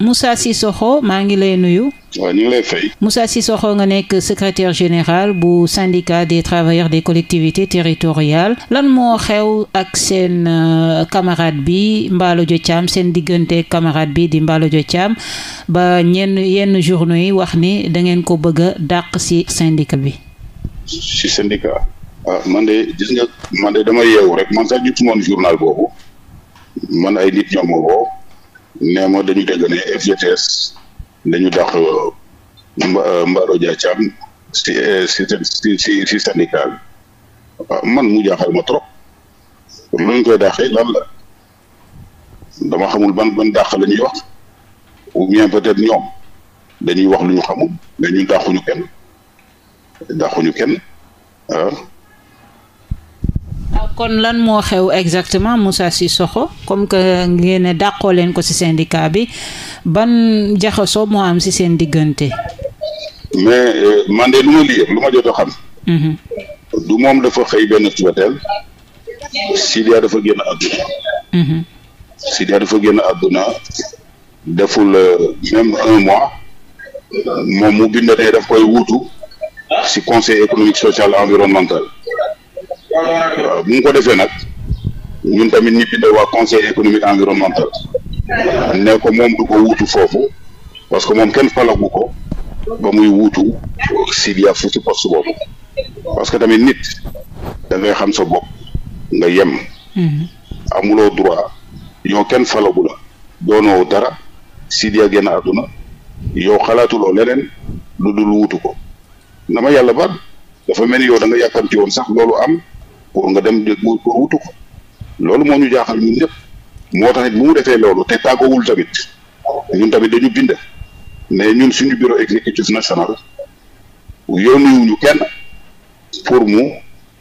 Moussa Sissokho maa ngi lay nuyu. waaw ñu ngi lay fay. Moussa Sissokho nga nekk secretaire général bu syndicat des travailleurs des collectivités territoriales lan moo xew ak seen euh, camarade bi Mballo Thiam seen diggante camarade bi di Mballo Thiam ba ñenn yenn journaux yi wax ni dangeen ko bëgg a dàq ci syndicat bi. ci syndicat. Ah, man de dama yeewu rek man sax jotu woon journal boobu man ay nit ñoom woo nee ma dañu dégg ne FGTS dañu dàq euh, euh, mbaro Dia Thiam si si si si man mu jaaxal ma trop luñ koy dàqee lan la dama xamul ban ban dàq la ñuy wax ou bien peut ñoom dañuy wax lu ñu xamul mais ñun dàquñu kenn dàquñu kenn ah. kon lan moo xew exactement si Cissokho comme que ngeen ne dàqoo leen ko ci syndicat bi ban jaxasoo moo am ci seen diggante. mais euh, man de lu ma lii lu ma jot a xam. Mhm. du moom dafa xëy benn subateel Sidia dafa génn àdduna. Mhm. Sidia dafa génn àdduna deful euh, même un mois moom mu bind daf koy wuutu ci conseil économique social environnemental. waaw bu ñu ko defee nag ñun tamit ñu bindal waa conseil économique environnemental ne ko moom du ko wuutu foofu parce que moom kenn falagu ko ba muy wuutu Sidia fu ci poste boobu parce que tamit nit da ngay xam sa bopp nga yem. Mhm. amuloo droit yoo kenn falagu la doonoo dara Sidia génn àdduna yow xalaatuloo leneen lu dul wuutu ko na ma yàlla ba dafa mel ni yow da nga yàkkamti woon sax loolu am. pour nga dem ko wutu ko loolu moo ñu jaaxal ñun ñëpp moo tax nit mu defee loolu te tàggoowul tamit ñun tamit dañu bind mais ñun suñu bureau exécutif national yónniwuñu kenn pour mu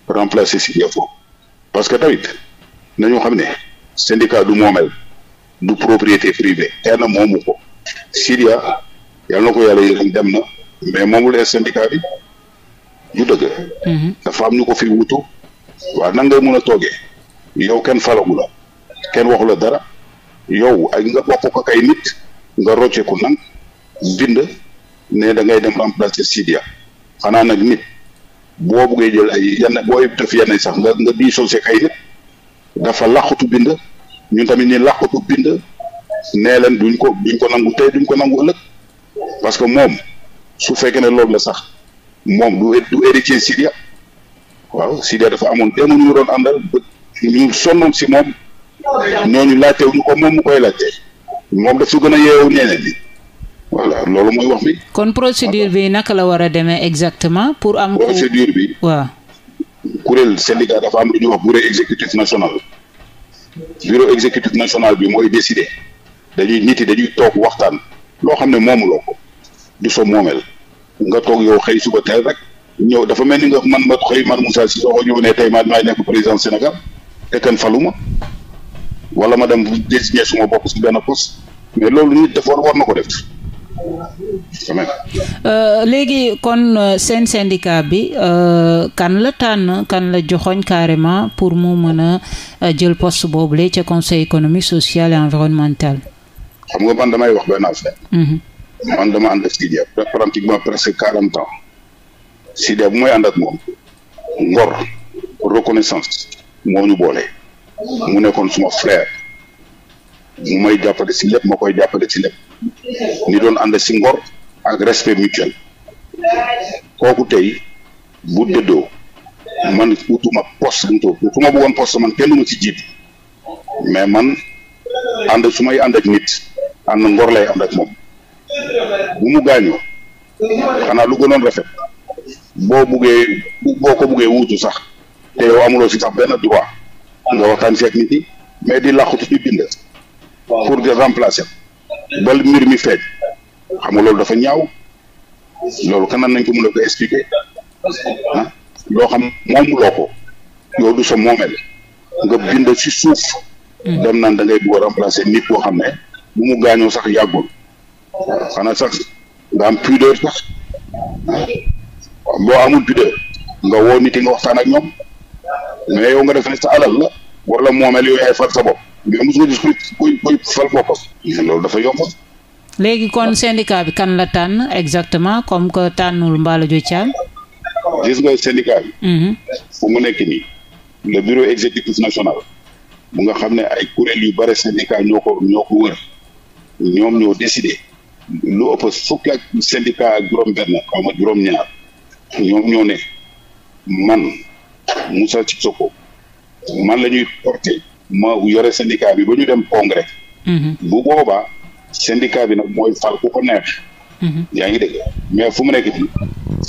remplacer si foofu parce que tamit nañu xam ne syndicat du moomeel du propriété privée kenn moomu ko Sidia yal na ko yàlla yërëm dem na mais moomul syndicat bi du dëgg mm-hmm. dafa am ñu ko fi wutu waaw nan ngay mën a toogee yow kenn falagu la kenn waxu la dara yow ay nga bokk ko kay nit nga rocceeku nan bind ne da ngay dem remplacer Sidia xanaa nag nit boo buggee jël ay yenn boo def yenn sax nga nga bii sosé kay nit dafa làqutu bind ñun tamit ñi làqutu bind nee leen duñ ko duñ ko nangu tey duñ ko nangu ëllëg parce que moom su fekkee ne loolu la sax moom du du héritier Sidia waaw si Sidia dafa amoon benn ñu doon àndal ñu sonnoon si moom ñooñu laajtewuñu ko moom mu koy laajte moom daf su gën a yeewu ñeneen bi voilà loolu mooy wax bi. kon procédure bi naka la war a demee exactement pour am. procédure bi waaw. kuréel syndicat dafa am lu ñuy wax bureau exécutif national bureau exécutif national bi mooy décider dañuy nit yi dañuy toog waxtaan loo xam ne moomuloo ko du sa moomeel nga toog yow xëy suba teel rek. ñëw dafa mel ni nga man ma koy man Moussa Sissoko ñëw ne tey man maay nekk président Sénégal te kenn falu ma ma dem désigner suma bopp si benn poste loolu nit dafa war na ko def. Euh, léegi kon euh, seen syndicat bi euh, kan la tànn kan la joxoñ carrément pour mu mën a jël boobu boobule ca conseil économique social et environnemental. xam nga man damay wax benn affaire. Mhm. man dama ànd presque quarante ans. Sidia bu may ànd ak moom ngor reconnaissance moo ñu boole mu nekkoon suma frère mu may jàppale si lépp ma koy jàppale si lépp ni doon ànd si ngor ak respe mutuel kooku tey bu dëddoo man utuma poste lañ toog utuma buggoon poste man kenn du ma ci jiitu mais man ànd su may ànd ak nit ànd ngor lay ànd ak moom bu mu gaañoo xanaa lu gënoon rafet. boo buggee boo ko buggee wuutu sax te yow amuloo si sax benn droit nga waxtaan seeg nit yi mais di làqutu di bind pour de remplacer ba mbir mi feeñ xam nga loolu dafa ñaaw loolu kanam nañ ko mën a ko expliquer loo xam moomuloo ko yow du sa moomeel nga bind ci suuf hmm. da ngay bëgg a remplacer nit boo xam ne bu mu gaañoo sax yàggul xanaa sax nga am pudeur sax boo amul pudeur nga woo nit yi nga waxtaan ak ñoom mais yow nga def ne sa alal la wala moomeel yow yaay fal sa bopp mais mos nga gis kuy kuy kuy fal boppam loolu dafa yomb. léegi kon syndicat bi kan la tànn exactement comme que nga syndicat bi. Mhm. fu mu nekk nii. le bureau exécutif national. bu nga xam ne ay kuréel yu bare syndicat ñoo ko ñoo ko wër ñoom ñoo décidé lu ëpp fukki ak syndicat ak juróom-benn xaw ma juróom-ñaar. ñoom ñoo ne man ci soko man la ñuy porté ma yore syndicat bi ba ñu dem congrès. Mhm. bu boobaa syndicat bi nag mooy fal ku ko mhm. yaa ngi dégg mais fu mu nekk fi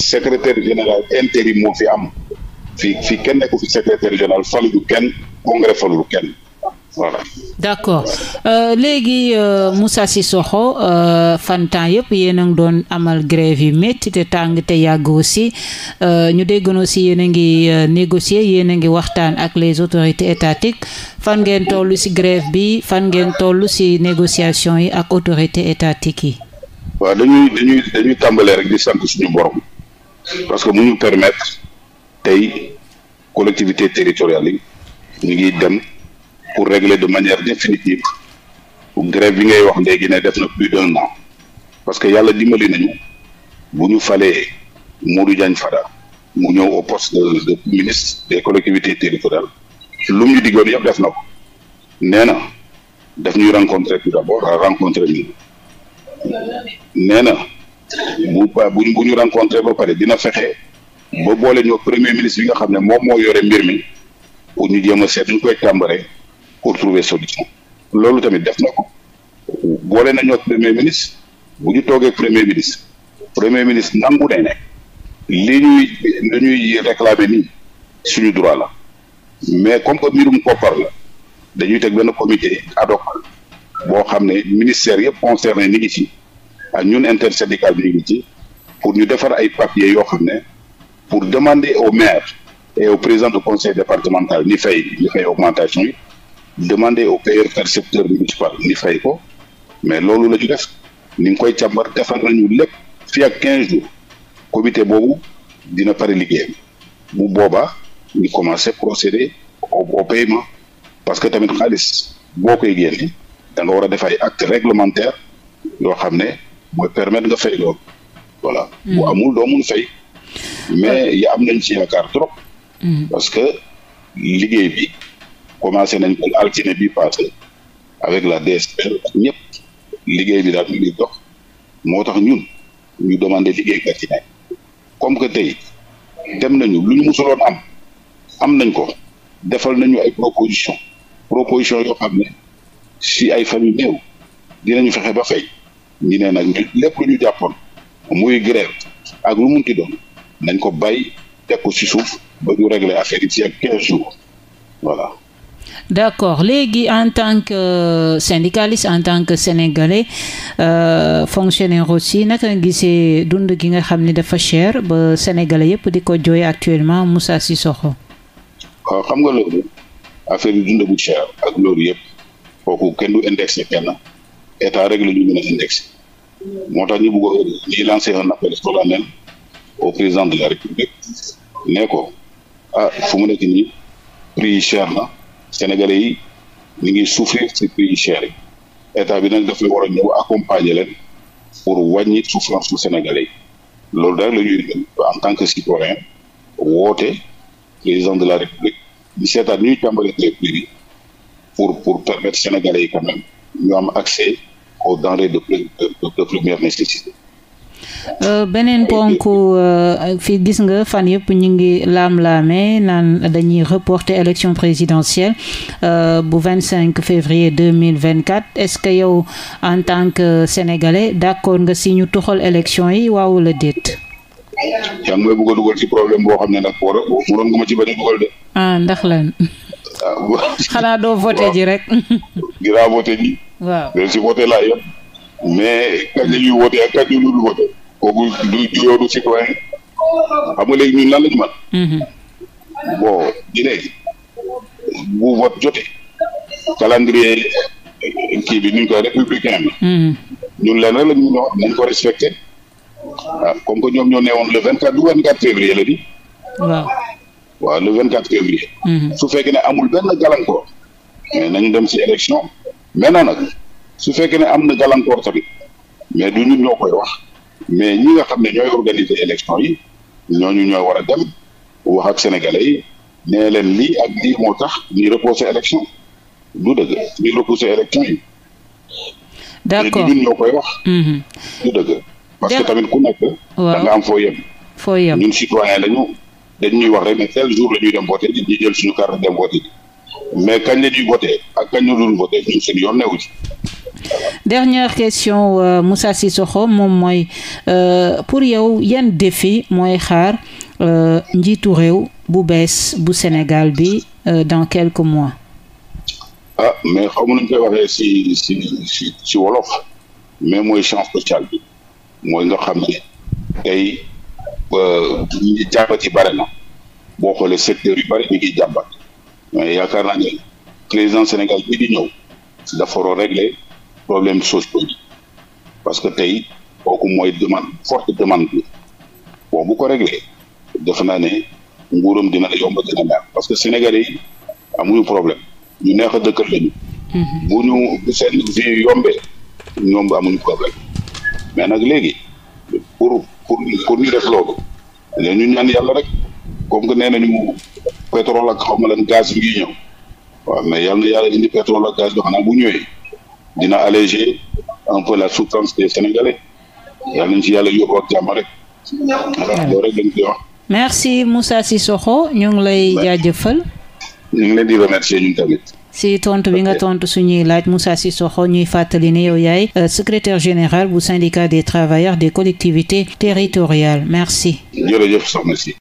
secrétaire général intérim moo fi am fi fi kenn nekku fi secrétaire général faluñu kenn congrès falul kenn. voilà. d'accord euh, léegi euh, Moussa Cissokho euh, fan temps yëpp yéen a ngi doon amal grève yu métti te tàng te yàgg aussi euh, ñu déggoon si yéen a ngi euh, négocier yéen a ngi waxtaan ak les autorités étatiques fan ngeen toll ci grève bi fan ngeen toll si négociation yi ak autorités étatiques yi. waaw dañuy dañuy tàmbalee rek di sant suñu borom parce que mu ñu permettre tey collectivité territoriale yi ngi dem. pour régler de manière définitive grève bi ngay wax léegi ne def na plus d'un an parce que yàlla dimbali nañu bu ñu falee Modou Diagne Fada mu ñëw au poste de ministre des collectivités territoriales lu mu ñu diggoon yëpp def na ko nee na daf ñuy rencontrer tout d'abord à rencontrer ñu nee na bu bu bu ñu rencontrer ba pare dina fexe ba boole ñoo premier ministre bi nga xam ne moom moo yore mbir mi pour ñu jéem a seet ñu koy tàmbalee pour trouver solution loolu tamit def na ko boole nañoo premier ministre bu ñu toogee premier ministre premier ministre nangu ne ne li ñuy li ñuy réclamer nii suñu droit la mais comme que mbirum koppar la dañuy teg benn comité ad hoc boo xam ne ministère yëpp concerné ni ngi ci ak ñun intersyndical bi ñu ngi ci pour ñu defar ay papiers yoo xam ne pour demander au maire et au président du conseil départemental ni fay ni fay augmentation yi demander au payeur percepteur municipal ni fay ko mais loolu la ñu def ni nga koy càmbar defar nañu lépp fii ak quinze jours comité boobu dina pare liggéey bu boobaa ñu commencé procéder au au paiement parce que tamit xaalis boo koy génne da war a def ay acte réglementaire yoo xam ne mooy permettre nga fay loolu voilà hmm. bu amul doo mun fay mais hmm. ya am nañ ci yaakaar trop hmm. parce que liggéey bi commencé nañ ko altine bi passé avec la DSPL ak ñëpp liggéey bi daal ñu ngi dox moo tax ñun ñu demandé liggéeykat yi comme que tey dem nañu lu ñu musuloon am am nañ ko defal nañu ay proposition proposition yoo xam ne si ay famille néew dinañu fexe ba fay ñu ne nag lépp lu ñu jàppoon muy grève ak lu munti doon nañ ko bàyyi teg ko si suuf ba ñu régler affaire yi si ak quinze jours voilà d'accord léegi en tant que euh, syndicaliste en tant que sénégalais euh, fonctionnaire aussi naka nga gisee dund gi nga xam ni dafa cher ba sénégalais yëpp di ko jooy actuellement Moussa Sissoko waaw xam nga loolu affaire yi dund bu cher ak loolu yëpp kooku kenn du indexé kenn état rek la ñu mën a moo tax ñu bëgg ñuy lancer un appel solennel au président de la république ne ah fu mu nekk nii prix yi na sénégalais yi ñu ngi souffrir ci prix cher yi état bi nag dafay war a ñëw accompagner leen pour wàññi souffrance su sénégalais yi loolu daal la ñuy en tant que citoyen woote président de la république di seetaat ñuy càmbale les prix yi pour pour permettre sénégalais yi quand même ñu am accès aux denrées de de de première nécessité. Euh, beneen ponk euh, fii gis nga fan yëpp ñu ngi laam-laame naan dañuy reporter élection présidentielle euh, bu vingt cinq février deux mille vingt quatre est-ce que yow en tant que sénégalais d'accord nga si ñu tuxal élection yi waaw wala déet. yaa ngi may bëgg a dugal ci problème boo xam ne ndax ah, lan. Ah, xanaa doo voté ji rek. kooku du juyoo du citoyen xam nga léegi ñun lan la ñu mën mm-hmm. bon di bu vote jotee calendrier euh, kii bi nuñ koy républicain bi mm-hmm. ñun leen rek la ñu ñoo ah, ñoo nee woon le vingt quatre du vingt quatre février la di waaw waaw le vingt quatre février mm-hmm. su fekkee ne amul benn gàllankoor mais nañ dem ci élection maintenant nag su fekkee ne am na gàllankoor tamit mais du ñun ñoo koy wax mais ñi nga xam ne ñooy organiser élection yi ñooñu ñoo war a dem wax ak sénégalais yi nee leen lii ak lii moo tax ñu repousser élection du dëgg ñu repousser élection yi. d'accord ñun ñoo koy wax. Mm-hmm. du dëgg parce que tamit ku nekk. waaw da nga am foo yem. foo yem ñun citoyen lañu dañ ñuy wax rek ne tel jour la ñuy dem voter di ñu jël suñu carte dem voter mais kañ la ñuy ak kañ la dul voter ñun seen yoon newu ci. dernière question euh, si Sissoko moom mooy euh, pour yow yan défi mooy xaar euh, njiitu réew bu bees bu Sénégal bi euh, dans quelques mois. ah mais xaw ma nu ñu koy mais mooy chance bi mooy nga xam ne tey euh, jàmbat yi bare na boo xoolee secteur yu bare ñu ngi jàmbat mais yaakaar naa président Sénégal bii di ñëw dafa war a problèmes sociaux yi parce que tey kooku mooy demande forte demande bi bu ko réglé defe naa ne nguuram dina la yomb a gën parce que Sénégalais amuñu problème ñu neex a dëkkal lañu. Mhm. bu ñu bu seen vie yombee ñoom amuñu problème mais nag léegi pour pour pour ñu def loolu léegi ñu ñaan yàlla rek comme nga nee nañu pétrole ak xaw ma leen gaz bi ngi ñëw waaw mais yàlla na yàlla indi pétrole ak gaz bi xanaa bu ñëwee. dina alléger un peu la souffrance des Sénégalais yàlla nañ ci yàlla yóbbu ak jàmm rek. voilà loolu rek lañ koy wax. merci Moussa Sissoko ñu ngi lay jaajëfal. ñu ngi leen di remercier ñun tamit. si tontu bi nga tontu suñuy laaj Moussa Sissoko ñuy fàttali ne yow yaay euh, secrétaire général bu syndicat des travailleurs des collectivités territoriales merci. jërëjëf soxna si.